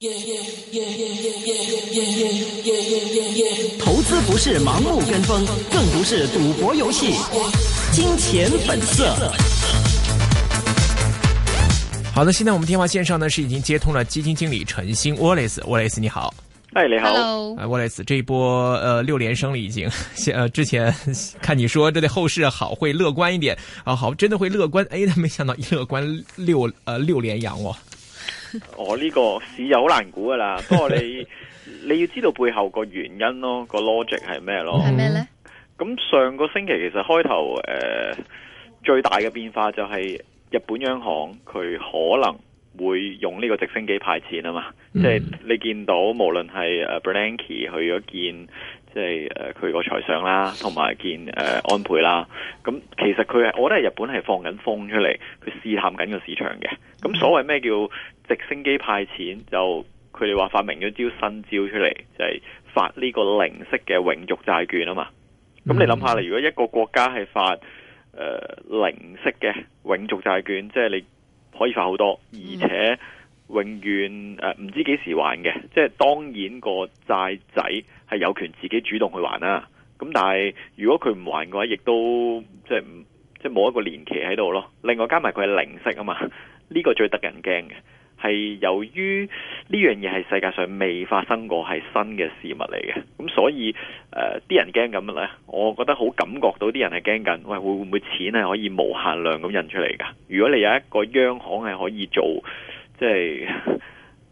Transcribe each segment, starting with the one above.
耶耶耶耶耶耶耶耶耶耶耶。投資不是盲目跟風，更不是賭博遊戲。金錢本色。好的，現在我們電話線上呢是已經接通了基金經理陳昕 Wallace，Wallace 你好。哎，你好。Hello，Wallace 這一波呃六連升了已經。呃，之前看你說這對後市好會樂觀一點，啊好真的會樂觀，哎那沒想到樂觀六呃六連陽哦。 我呢個市又好難估噶啦，不過你你要知道背後個原因咯，個 logic 係咩咯？係咩咧？咁上個星期其實開頭誒最大嘅變化就係日本央行佢可能會用呢個直升機派錢啊嘛，即 係你見到無論係誒 Bernanke 佢嗰件。即係誒佢個財相啦，同埋見誒安倍啦。咁、嗯、其實佢係，我覺得係日本係放緊風出嚟，佢試探緊個市場嘅。咁、嗯、所謂咩叫直升機派錢？就佢哋話發明咗招新招出嚟，就係、是、發呢個零息嘅永續債券啊嘛。咁、嗯、你諗下，如果一個國家係發誒、呃、零息嘅永續債券，即、就、係、是、你可以發好多，而且。永遠誒唔、呃、知幾時還嘅，即係當然個債仔係有權自己主動去還啦。咁但係如果佢唔還嘅話，亦都即係即係冇一個年期喺度咯。另外加埋佢係零息啊嘛，呢、呢個最得人驚嘅係由於呢樣嘢係世界上未發生過，係新嘅事物嚟嘅。咁所以誒，啲、呃、人驚咁咧，我覺得好感覺到啲人係驚緊。喂，會唔會錢係可以無限量咁印出嚟㗎？如果你有一個央行係可以做。即係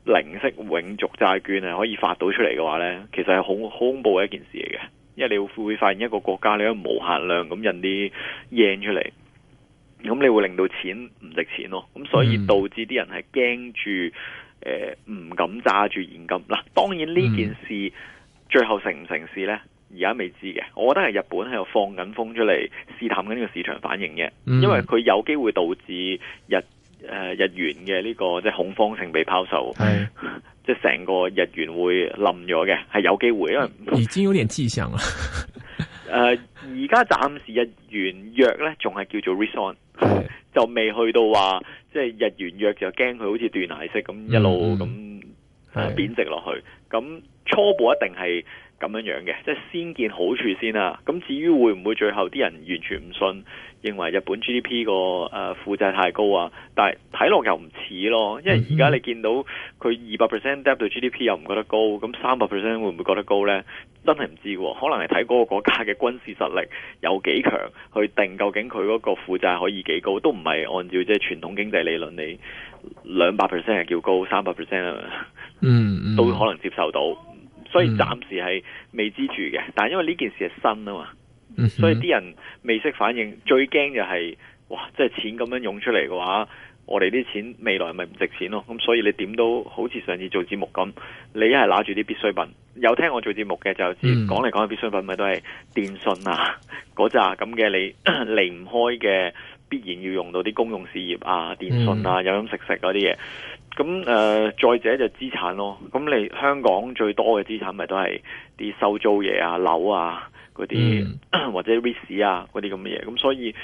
零息永續債券係可以發到出嚟嘅話呢，其實係好好恐怖嘅一件事嚟嘅，因為你會發現一個國家，你一無限量咁印啲 yen 出嚟，咁你會令到錢唔值錢咯，咁所以導致啲人係驚住唔敢揸住現金。嗱，當然呢件事，嗯、最後成唔成事呢？而家未知嘅。我覺得係日本喺度放緊風出嚟，試探緊呢個市場反應嘅，因為佢有機會導致日。誒、這個，日元嘅呢個即係恐慌性被拋售，係即係成個日元會冧咗嘅，係有機會，因為已經有點跡象啦、呃。誒，而家暫時日元弱咧，仲係叫做 reson，就未去到話即係日元弱就驚佢好似斷崖式咁一路咁貶值落去，咁、嗯、初步一定係。咁樣嘅，即係先見好處先啦、啊。咁至於會唔會最後啲人完全唔信，認為日本 GDP 個呃負債太高啊？但係睇落又唔似咯，因為而家你見到佢二百 percent debt 對 GDP 又唔覺得高，咁三百 percent 會唔會覺得高呢？真係唔知喎、啊，可能係睇嗰個國家嘅軍事實力有幾強去定究竟佢嗰個負債可以幾高，都唔係按照即係傳統經濟理論，你兩百 percent 係叫高，三百 percent 嗯，嗯都可能接受到。所以暫時係未知住嘅，但係因為呢件事係新啊嘛、嗯，所以啲人未識反應，最驚就係、是、哇，即係錢咁樣用出嚟嘅話，我哋啲錢未來咪唔值錢咯？咁所以你點都好似上次做節目咁，你著一係攞住啲必需品，有聽我做節目嘅就知、嗯，講嚟講去必需品咪都係電信啊嗰扎咁嘅，那些你 離唔開嘅。必然要用到啲公用事業啊、電信啊、飲、嗯、飲食食嗰啲嘢，咁誒、呃，再者就資產咯，咁你香港最多嘅資產咪都係啲收租嘢啊、樓啊嗰啲、嗯，或者 REITs 啊嗰啲咁嘅嘢，咁所以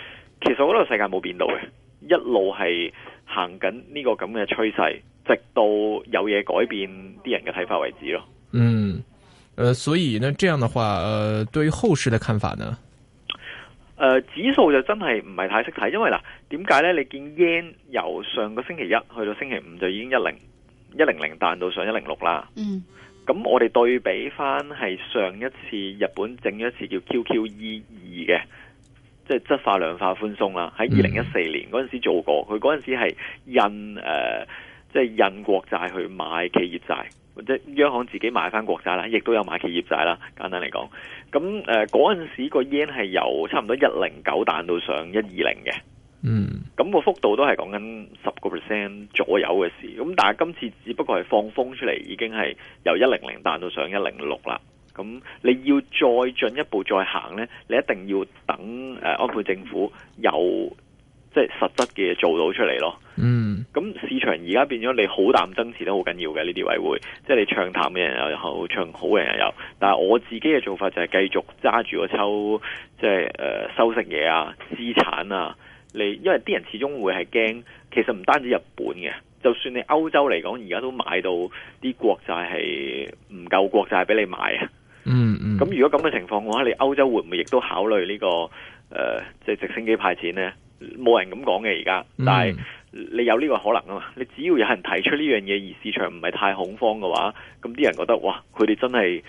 其實嗰個世界冇變到嘅，一路係行緊呢個咁嘅趨勢，直到有嘢改變啲人嘅睇法為止咯。嗯，誒、呃，所以呢，這樣的話，誒、呃，對於後市的看法呢？誒、呃、指數就真係唔係太識睇，因為嗱，點解呢？你見 yen 由上個星期一去到星期五就已經一零一零零彈到上一零六啦。嗯，咁我哋對比翻係上一次日本整咗一次叫 QQE 二嘅，即、就、係、是、質化量化寬鬆啦。喺二零一四年嗰陣時做過，佢嗰陣時係印誒，即、呃、係、就是、印國債去買企業債。即係央行自己買翻國債啦，亦都有買企業債啦。簡單嚟講，咁誒嗰陣時個 yen 係由差唔多一零九彈到上一二零嘅，嗯，咁個幅度都係講緊十個 percent 左右嘅事。咁但係今次只不過係放風出嚟，已經係由一零零彈到上一零六啦。咁你要再進一步再行呢，你一定要等誒，安倍政府有。即係實質嘅嘢做到出嚟咯。嗯，咁市場而家變咗，你好淡爭持都好緊要嘅呢啲委會。即係你唱淡嘅人又有，唱好好嘅人又有。但係我自己嘅做法就係繼續揸住個抽，即係誒、呃，收息嘢啊，資產啊。你因為啲人始終會係驚，其實唔單止日本嘅，就算你歐洲嚟講，而家都買到啲國債係唔夠國債俾你買啊。嗯嗯。咁如果咁嘅情況嘅話，你歐洲會唔會亦都考慮呢、這個誒，即、呃、係、就是、直升機派錢呢？冇人咁講嘅而家，但係你有呢個可能啊嘛！你只要有人提出呢樣嘢，而市場唔係太恐慌嘅話，咁啲人覺得「哇，佢哋真係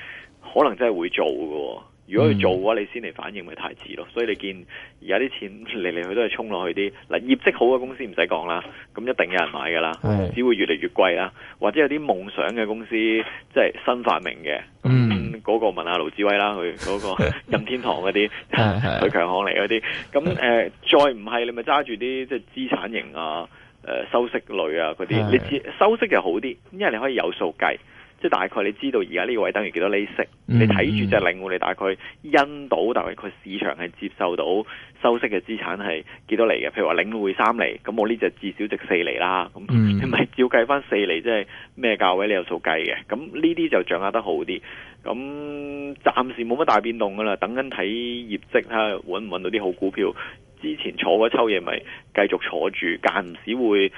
可能真係會做喎。」如果佢做嘅話，你先嚟反應咪太遲咯。所以你見而家啲錢嚟嚟去都係衝落去啲嗱，業績好嘅公司唔使講啦，咁一定有人買㗎啦，只會越嚟越貴啦，或者有啲夢想嘅公司，即係新發明嘅。嗯。嗰、那個問下盧志威啦，佢嗰個任天堂嗰啲，佢強項嚟嗰啲，咁 誒、呃、再唔係你咪揸住啲即係資產型啊，誒、呃、收息類啊嗰啲， 你知收息就好啲，因為你可以有數計。即係大概你知道而家呢個位等於幾多釐息？Mm -hmm. 你睇住隻領匯，你大概因到，但係佢市場係接受到收息嘅資產係幾多厘嘅？譬如話領匯三厘，咁我呢隻至少值四厘啦。咁咪照計翻四厘，即係咩價位你有數計嘅。咁呢啲就掌握得好啲。咁暫時冇乜大變動噶啦，等緊睇業績睇下，揾唔揾到啲好股票。之前坐嗰抽嘢咪繼續坐住，間唔時會。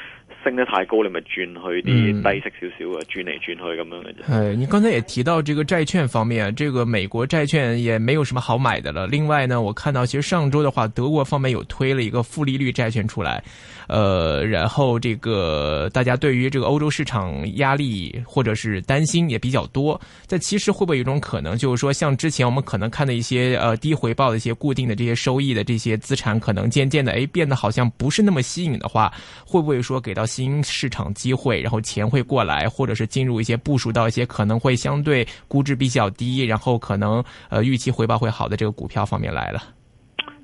升得太高，你咪轉去啲低息少少啊，轉嚟轉去咁樣嘅啫。你剛才也提到這個債券方面啊，這個美國債券也沒有什麼好買的了。另外呢，我看到其實上周的話，德國方面有推了一個負利率債券出來，呃，然後這個大家對於這個歐洲市場壓力或者是擔心也比較多。但其實會不會有種可能，就是說像之前我們可能看的一些，呃，低回報的一些固定的這些收益的這些資產，可能漸漸的誒變得好像不是那麼吸引的話，會不會說給到？新市場機會，然後錢會過來，或者是進入一些部署到一些可能會相對估值比較低，然後可能呃預期回報會好的這個股票方面來了。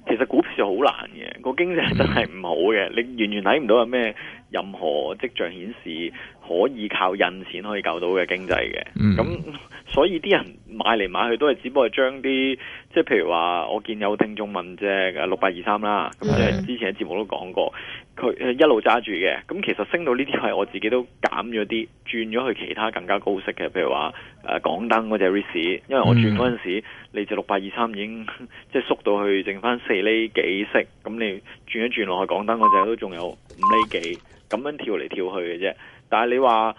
其實股市好難嘅，個經濟真係唔好嘅，嗯，你完全睇唔到有咩任何跡象顯示。可以靠印錢可以救到嘅經濟嘅，咁、嗯、所以啲人買嚟買去都係只不過將啲即係譬如話，我見有聽眾問即係六百二三啦，咁之前嘅節目都講過，佢一路揸住嘅，咁其實升到呢啲係我自己都減咗啲，轉咗去其他更加高息嘅，譬如話誒、呃、港燈嗰隻 REIT，因為我轉嗰陣時候、嗯，你至六百二三已經即係縮到去剩翻四厘幾息，咁你轉一轉落去港燈嗰隻都仲有五厘幾，咁樣跳嚟跳去嘅啫。但係你話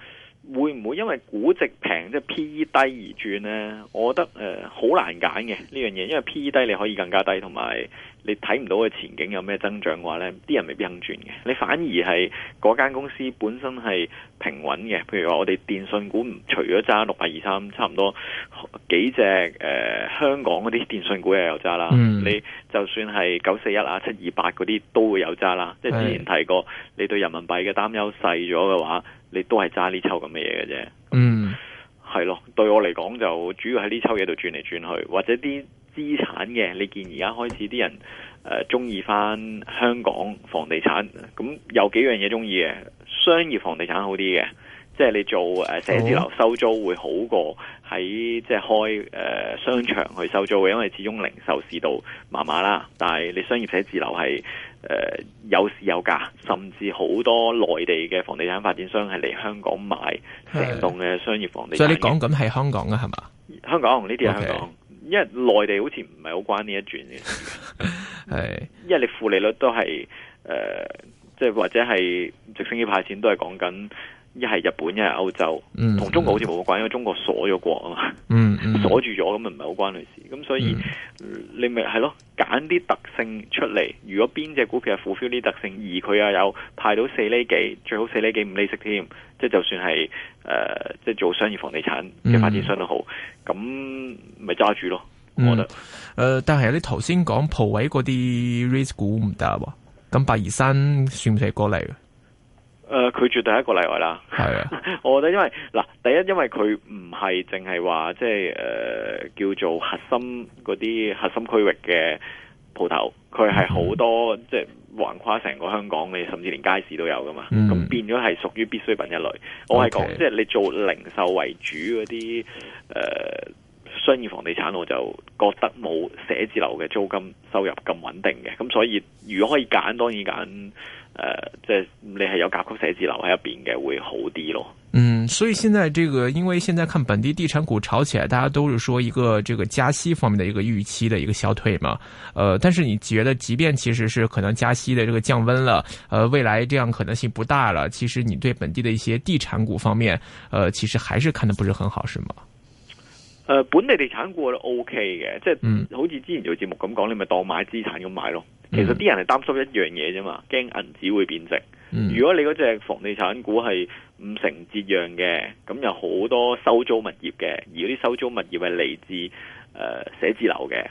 會唔會因為估值平即係 PE 低而轉呢？我覺得誒好、呃、難揀嘅呢樣嘢，因為 PE 低你可以更加低，同埋。你睇唔到嘅前景有咩增長嘅話呢，啲人未必肯轉嘅。你反而係嗰間公司本身係平穩嘅。譬如話，我哋電信股除咗揸六百二三，差唔多幾隻、呃、香港嗰啲電信股又有揸啦。Um, 你就算係九四一啊、七二八嗰啲都會有揸啦。即係之前提過，你對人民幣嘅擔憂細咗嘅話，你都係揸呢抽咁嘅嘢嘅啫。嗯，係咯。對我嚟講就主要喺呢抽嘢度轉嚟轉去，或者啲，資產嘅，你見而家開始啲人誒中意翻香港房地產，咁有幾樣嘢中意嘅，商業房地產好啲嘅，即係你做誒寫字樓收租會好過喺即係開誒、呃、商場去收租嘅，因為始終零售市道麻麻啦。但係你商業寫字樓係誒有市有價，甚至好多內地嘅房地產發展商係嚟香港買成棟嘅商業房地產。所以你講緊係香港啊，係嘛？香港，呢啲係香港。Okay. 因為內地好似唔係好關呢一轉嘅事， 因為你負利率都係誒，即、呃、係、就係、或者係直升機派錢都係講緊。一係日本，一係歐洲，同、嗯、中國好似冇關係，因為中國鎖咗國啊嘛，鎖、嗯嗯、住咗咁咪唔係好關佢事。咁所以、嗯、你咪係咯，揀啲特性出嚟。如果邊隻股票係符合啲特性，而佢又有派到四厘幾，最好四厘幾五厘息添，即係就算係誒、呃，即係做商業房地產嘅發展商都好，咁咪揸住咯、嗯。我覺得。誒、呃，但係你頭先講鋪位嗰啲 risk 股唔得、啊，咁八二三算唔算過嚟？誒、呃，佢絕對係一個例外啦。係啊， 我覺得因為嗱，第一因為佢唔係淨係話即係誒、呃、叫做核心嗰啲核心區域嘅鋪頭，佢係好多、嗯、即係橫跨成個香港嘅，你甚至連街市都有噶嘛。咁、嗯、變咗係屬於必需品一類。我係講、okay。即係你做零售為主嗰啲誒。呃商業房地產我就覺得冇寫字樓嘅租金收入咁穩定嘅，咁所以如果可以揀，當然揀誒，即、呃、係、就是、你係有甲級寫字樓喺入邊嘅會好啲咯。嗯，所以現在這個，因為現在看本地地產股炒起來，大家都是說一個這個加息方面嘅一個預期嘅一個消退嘛。呃，但是你覺得即便其實是可能加息的這個降溫了，呃，未來這樣可能性不大了，其實你對本地的一些地產股方面，呃，其實還是看得不是很好，是嗎？呃、本地地產股都 OK 嘅，即係、嗯、好似之前做節目咁講，你咪當買資產咁買咯。其實啲人係擔心一樣嘢啫嘛，驚銀紙會變值。嗯、如果你嗰隻房地產股係五成折讓嘅，咁有好多收租物業嘅，而嗰啲收租物業係嚟自誒、呃、寫字樓嘅。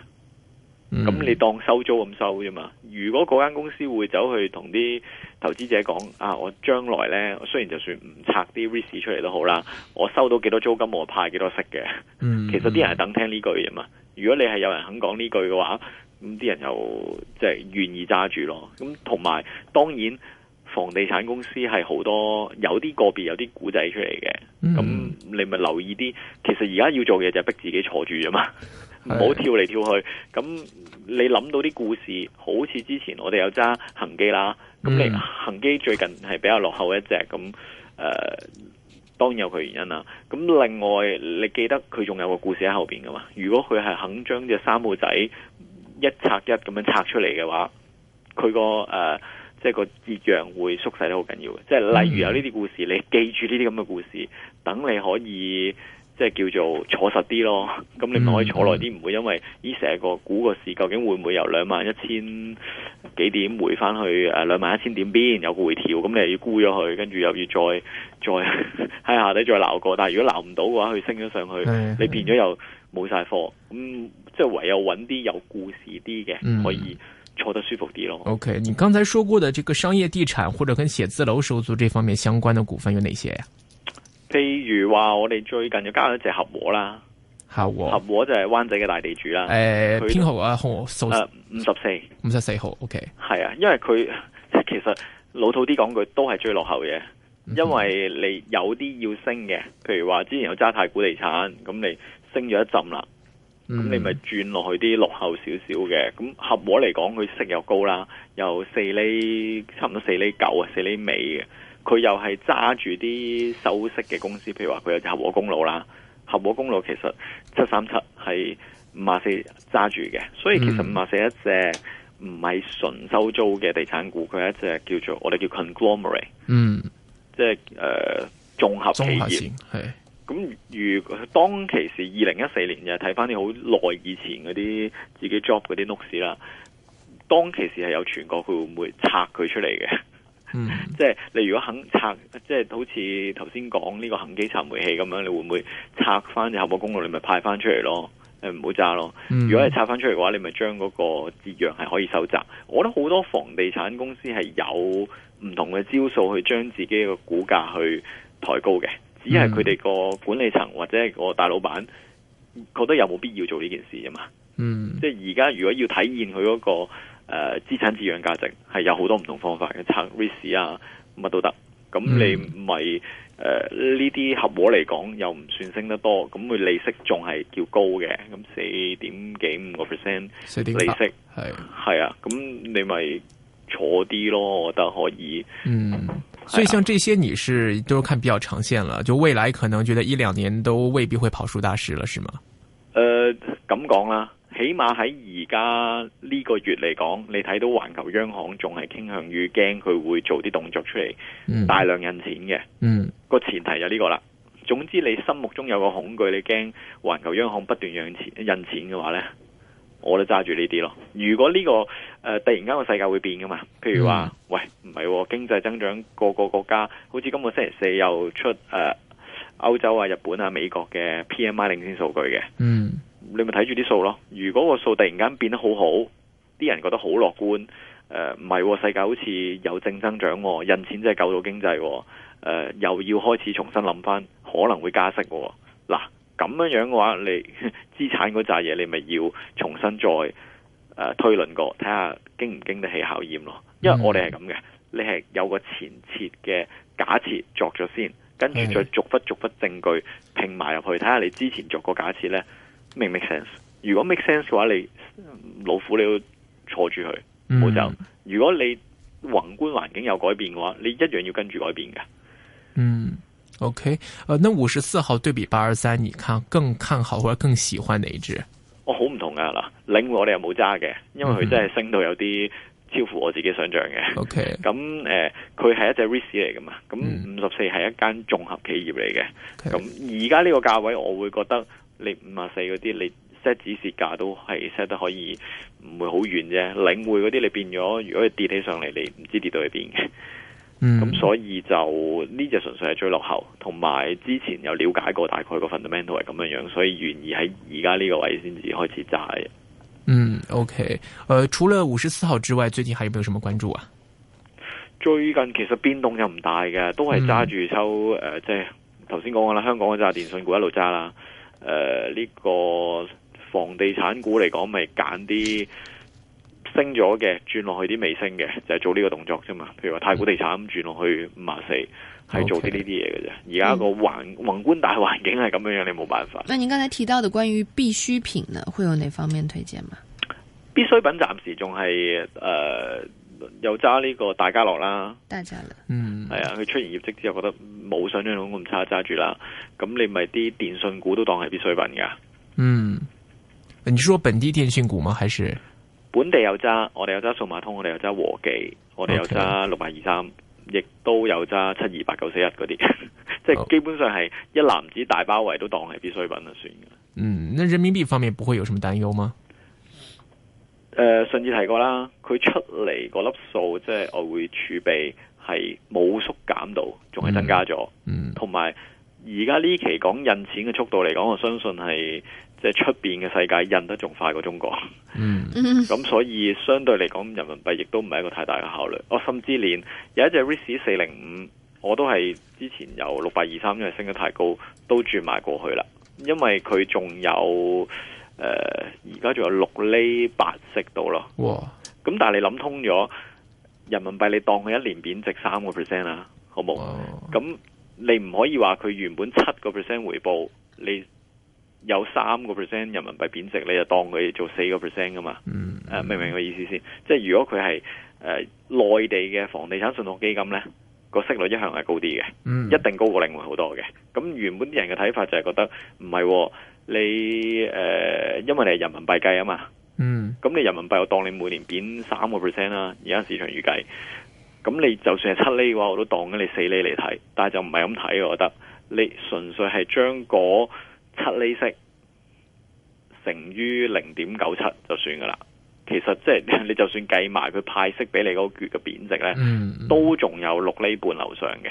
咁、mm -hmm. 你當收租咁收啫嘛？如果嗰間公司會走去同啲投資者講啊，我將來呢，雖然就算唔拆啲 REITs 出嚟都好啦，我收到幾多租金我派幾多息嘅。Mm -hmm. 其實啲人係等聽呢句啫嘛。如果你係有人肯講呢句嘅話，咁啲人就即係願意揸住咯。咁同埋當然，房地產公司係好多有啲個別有啲古仔出嚟嘅。咁、mm -hmm. 你咪留意啲。其實而家要做嘢就係逼自己坐住啫嘛。唔好跳嚟跳去，咁你諗到啲故事，好似之前我哋有揸恒基啦，咁你恒基最近係比較落後一隻，咁誒、呃、當然有佢原因啦。咁另外你記得佢仲有個故事喺後邊噶嘛？如果佢係肯將隻三號仔一拆一咁樣拆出嚟嘅話，佢、呃、個誒即係個折讓會縮細得好緊要嘅。即係例如有呢啲故事，你記住呢啲咁嘅故事，等你可以。即係叫做坐實啲咯，咁你咪可以坐耐啲，唔、嗯、會因為呢成個股個市究竟會唔會由兩萬一千幾點回翻去誒兩萬一千點邊有個回調，咁你又要沽咗佢，跟住又要再再喺下底再鬧過、哎，但係如果鬧唔到嘅話，佢升咗上去，你變咗又冇晒貨，咁即係唯有搵啲有故事啲嘅可以坐得舒服啲咯。嗯、o、okay, K，你剛才說過的這個商業地產或者跟寫字樓收租這方面相關的股份有哪些呀？.譬如話，我哋最近又加咗隻合和啦，合和合和就係灣仔嘅大地主啦。誒、呃，編號啊，數誒五十四，五十四號。O K，係啊，因為佢其實老土啲講句，都係追落後嘅。因為你有啲要升嘅，譬如話之前有揸太古地產，咁你升咗一浸啦，咁你咪轉落去啲落後少少嘅。咁合和嚟講，佢息又高啦，又四厘，差唔多四厘九啊，四厘尾嘅。佢又係揸住啲收息嘅公司，譬如話佢有合和公路啦，合和公路其實七三七係五廿四揸住嘅，所以其實五廿四一隻唔係純收租嘅地產股，佢、嗯、係一隻叫做我哋叫 conglomerate，嗯，即係誒、呃、綜合企業係。咁如當其時二零一四年就睇翻啲好耐以前嗰啲自己 job 嗰啲 notes 啦，當其時係有傳過佢會唔會拆佢出嚟嘅？嗯、即係你如果肯拆，即係好似頭先講呢個恒基拆煤氣咁樣，你會唔會拆翻個後河公路？你咪派翻出嚟咯，誒、呃，唔好揸咯。如果係拆翻出嚟嘅話，你咪將嗰個折讓係可以收窄。我覺得好多房地產公司係有唔同嘅招數去將自己個股價去抬高嘅，只係佢哋個管理層或者個大老闆覺得有冇必要做呢件事啫嘛、嗯。即係而家如果要體現佢嗰個。誒、呃，資產自養價值係有好多唔同方法嘅，炒 REITs 啊，乜都得。咁你咪誒呢啲合和嚟講又唔算升得多，咁佢利息仲係叫高嘅，咁四點幾五個 percent 四點利息係係啊，咁你咪坐啲咯，我覺得可以。嗯，所以像這些，你是都看比較長線啦，就未來可能覺得一兩年都未必會跑輸大市了，是嗎？誒、呃，咁講啦。起碼喺而家呢個月嚟講，你睇到環球央行仲係傾向於驚佢會做啲動作出嚟，大量印錢嘅。嗯，個、嗯、前提就呢個啦。總之你心目中有個恐懼，你驚環球央行不斷印錢印錢嘅話呢，我都揸住呢啲咯。如果呢、呢個誒、呃、突然間個世界會變噶嘛？譬如話、嗯，喂唔係、哦、經濟增長個個國家，好似今個星期四又出誒歐、呃、洲啊、日本啊、美國嘅 P M I 領先數據嘅。嗯。你咪睇住啲數咯。如果個數突然間變得好好，啲人覺得好樂觀，誒唔係世界好似有正增長，印錢就係救到經濟，喎、呃。又要開始重新諗翻，可能會加息喎。嗱。咁樣樣嘅話，你資產嗰扎嘢，你咪要重新再、呃、推論過，睇下經唔經得起考驗咯。因為我哋係咁嘅，你係有個前設嘅假設作咗先，跟住再逐忽逐忽證據拼埋入去，睇下你之前作個假設呢。明 make sense，如果 make sense 嘅話，你老虎你要坐住佢冇、嗯、走。如果你宏觀環境有改變嘅話，你一樣要跟住改變嘅。嗯，OK，誒、uh,，那五十四號對比八二三，你看更看好或者更喜歡哪一隻？我好唔同噶嗱，領我哋又冇揸嘅，因為佢真係升到有啲超乎我自己想象嘅、嗯 嗯。OK，咁、嗯、誒，佢、嗯、係、嗯、一隻 REIT 嚟噶嘛？咁五十四係一間綜合企業嚟嘅，咁而家呢個價位我會覺得。你五啊四嗰啲，你 set 指示價都係 set 得可以，唔會好遠啫。領匯嗰啲，你變咗，如果你跌起上嚟，你唔知跌到去邊嘅。嗯，咁所以就呢隻純粹係追落後，同埋之前有了解過大概個 fundamental 係咁樣樣，所以願意喺而家呢個位先至開始揸。嗯，OK，誒、呃，除咗五十四號之外，最近還有沒有什麼關注啊？最近其實變動又唔大嘅，都係揸住抽。誒、呃，即係頭先講過啦，香港嘅揸電信股一路揸啦。誒、呃，呢、這個房地產股嚟講，咪揀啲升咗嘅，轉落去啲未升嘅，就係、是、做呢個動作啫嘛。譬如話太古地產轉落去五啊四，係做啲呢啲嘢嘅啫。而家個環宏觀大環境係咁樣樣，你冇辦法。嗯、那你剛才提到的關於必需品呢，會有哪方面推薦嗎？必需品暫時仲係誒。呃又有揸呢個大家樂啦，大家樂、啊，嗯，係啊，佢出現業績之後，覺得冇想像中咁咁差揸住啦，咁你咪啲電信股都當係必需品噶嗯，你是說本地電信股嗎？還是本地有揸？我哋有揸數碼通，我哋有揸和記，我哋有揸六百二三，亦都有揸七二八九四一嗰啲，即 係基本上係一籃子大包圍都當係必需品啊，算嘅。嗯，那人民幣方面不會有什麼擔憂嗎？誒、呃，甚至提過啦，佢出嚟嗰粒數，即係外匯儲備係冇縮減到，仲係增加咗。嗯，同埋而家呢期講印錢嘅速度嚟講，我相信係即係出面嘅世界印得仲快過中國。嗯，咁所以相對嚟講，人民幣亦都唔係一個太大嘅考慮。我甚至連有一隻 REIT 四零五，我都係之前由六百二三，因為升得太高，都轉埋過去啦。因為佢仲有。誒、呃，而家仲有六厘八息度咯，哇！咁但係你諗通咗，人民幣你當佢一年貶值三個 percent 啦，好冇？咁你唔可以話佢原本七個 percent 回報，你有三個 percent 人民幣貶值，你就當佢做四個 percent 噶嘛？嗯，誒、嗯啊，明唔明我意思先、嗯？即係如果佢係誒內地嘅房地產信託基金咧，個息率一向係高啲嘅，嗯，一定高過另外好多嘅。咁原本啲人嘅睇法就係覺得唔係喎。你誒、呃，因為你係人民幣計啊嘛，嗯，咁你人民幣我當你每年貶三個 percent 啦，而家市場預計，咁你就算係七厘嘅話，我都當緊你四厘嚟睇，但係就唔係咁睇，我覺得你純粹係將嗰七厘息乘於零點九七就算噶啦，其實即係你就算計埋佢派息俾你嗰個月嘅貶值咧、嗯，都仲有六厘半樓上嘅，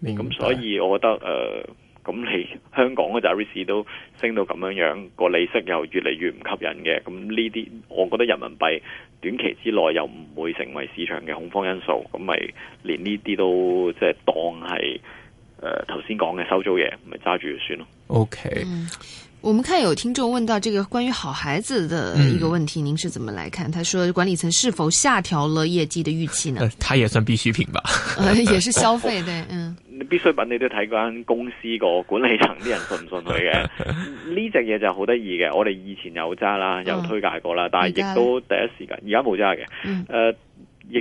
明白，咁所以我覺得誒。呃咁你香港嘅就 AIS 都升到咁樣樣，個利息又越嚟越唔吸引嘅，咁呢啲我覺得人民幣短期之內又唔會成為市場嘅恐慌因素，咁咪連呢啲都即係當係誒頭先講嘅收租嘢，咪揸住就算咯。OK。Mm-hmm. 我們看有聽眾問到這個關於好孩子的一個問題，您是怎麼來看？嗯、他說管理層是否下調了業績的預期呢？呃、他也算必需品吧？也是消費，哦對，哦、對，嗯。你必需品你都睇間公司個管理層啲人信唔信佢嘅？呢隻嘢就好得意嘅，我哋以前有揸啦，有推介過啦、嗯，但係亦都第一時間而家冇揸嘅。誒，亦、嗯呃、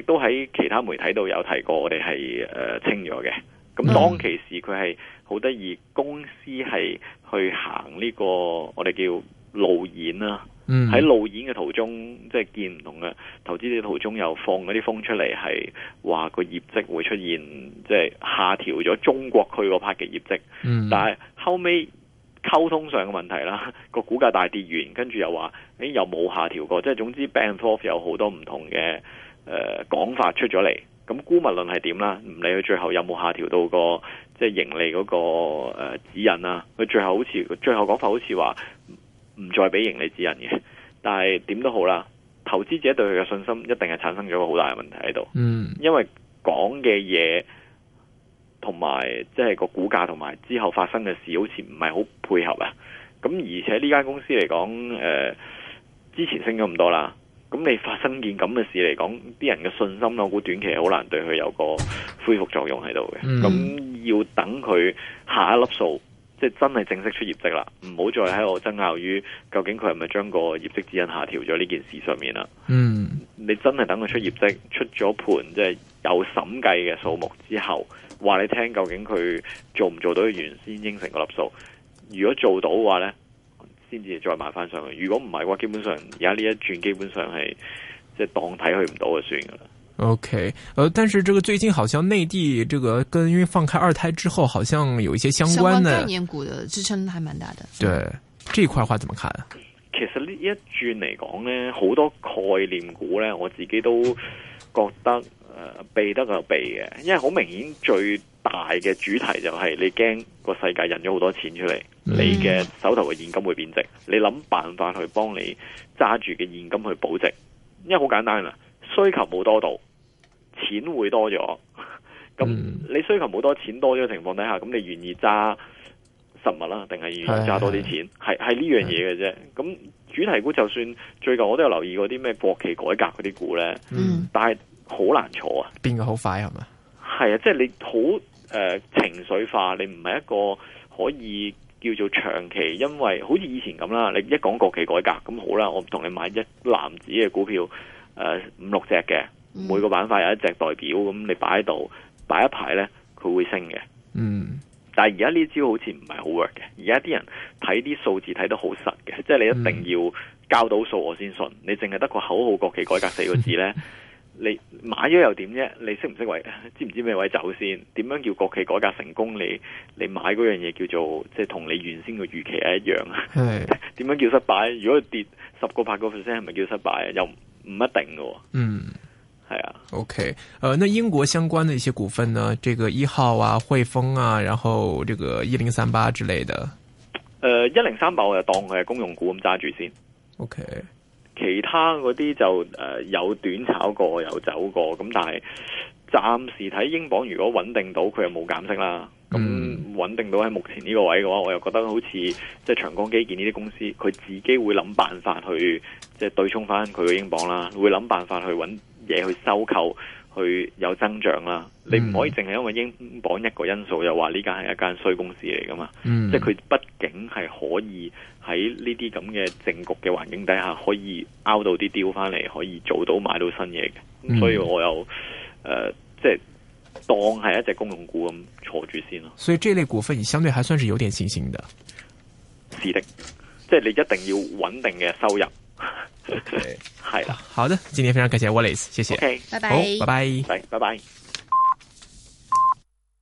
都喺其他媒體度有提過，我哋係誒清咗嘅。咁當其時佢係。嗯好得意，公司係去行呢個我哋叫路演啦，嗯，喺路演嘅途中，即係見唔同嘅投資者途中又放嗰啲風出嚟，係話個業績會出現即係下調咗中國區個 part 嘅業績，嗯，但係後尾溝通上嘅問題啦，個股價大跌完，跟住又話誒又冇下調過，即係總之，band four 有好多唔同嘅誒講法出咗嚟。咁估物論係點啦？唔理佢最後有冇下調到、那個即係、就是、盈利嗰個誒指引啦、啊，佢最後好似，最後講法好似話唔再俾盈利指引嘅。但係點都好啦，投資者對佢嘅信心一定係產生咗個好大嘅問題喺度。嗯，因為講嘅嘢同埋即係個股價同埋之後發生嘅事，好似唔係好配合啊。咁而且呢間公司嚟講，誒、呃、之前升咗咁多啦。咁你發生件咁嘅事嚟講，啲人嘅信心我估短期係好難對佢有個恢復作用喺度嘅。咁、mm. 要等佢下一粒數，即係真係正式出業績啦，唔好再喺度爭拗於究竟佢係咪將個業績指引下調咗呢件事上面啦。嗯、mm.，你真係等佢出業績，出咗盤即係有審計嘅數目之後，話你聽究竟佢做唔做到原先應承嗰粒數？如果做到嘅話呢？先至再買翻上去，如果唔係嘅話，基本上而家呢一轉基本上係即係當睇去唔到就算噶啦。O K，誒，但是這個最近好像內地這個跟因為放開二胎之後，好像有一些相關的概念股的支撐還蠻大的。對，這塊話怎麼看？其實呢一轉嚟講呢，好多概念股呢，我自己都覺得誒、呃、避得就避嘅，因為好明顯最大嘅主題就係你驚個世界印咗好多錢出嚟。你嘅手頭嘅現金會貶值，你諗辦法去幫你揸住嘅現金去保值，因為好簡單啦，需求冇多到，錢會多咗，咁你需求冇多，錢多咗嘅情況底下，咁你願意揸實物啦，定係願意揸多啲錢，係係呢樣嘢嘅啫。咁主題股就算最近我都有留意過啲咩國企改革嗰啲股呢，但係好難坐啊。變得好快係嘛？係啊，即係你好，呃，情緒化，你唔係一個可以。叫做長期，因為好似以前咁啦，你一講國企改革咁好啦，我同你買一籃子嘅股票，誒、呃、五六隻嘅，每個板塊有一隻代表，咁你擺喺度擺一排呢，佢會升嘅。嗯，但係而家呢招好似唔係好 work 嘅，而家啲人睇啲數字睇得好實嘅，即、就、係、是、你一定要交到數，我先信，你淨係得個口號國企改革四個字呢。你。 買咗又點啫？你識唔識位？知唔知咩位走先？點樣叫國企改革成功你？你你買嗰樣嘢叫做即係同你原先嘅預期係一樣啊？係 點樣叫失敗？如果跌十個、八個 percent 係咪叫失敗啊？又唔一定㗎。嗯，係啊。O K。誒，那英國相關嘅一些股份呢？這個一號啊，匯豐啊，然後這個一零三八之類的。誒、呃，一零三八我就當佢係公用股咁揸住先。O K。其他嗰啲就誒、呃、有短炒過，有走過。咁但係暫時睇英鎊，如果穩定到佢又冇減息啦。咁、嗯、穩定到喺目前呢個位嘅話，我又覺得好似即係長江基建呢啲公司，佢自己會諗辦法去即係、就是、對沖翻佢嘅英鎊啦。會諗辦法去揾嘢去收購，去有增長啦。你唔可以淨係因為英鎊一個因素，又話呢間係一間衰公司嚟噶嘛？嗯、即係佢畢竟係可以。喺呢啲咁嘅政局嘅環境底下，可以 Out 到啲 deal 翻嚟，可以做到買到新嘢嘅、嗯，所以我又誒、呃，即係當係一隻公用股咁坐住先咯。所以這類股份，你相對還算是有點信心的。是的，即、就、係、是、你一定要穩定嘅收入，係 啦 Okay. 好的，今天非常感謝 Wallace，謝謝。拜拜拜。Bye bye. Bye bye. Bye bye.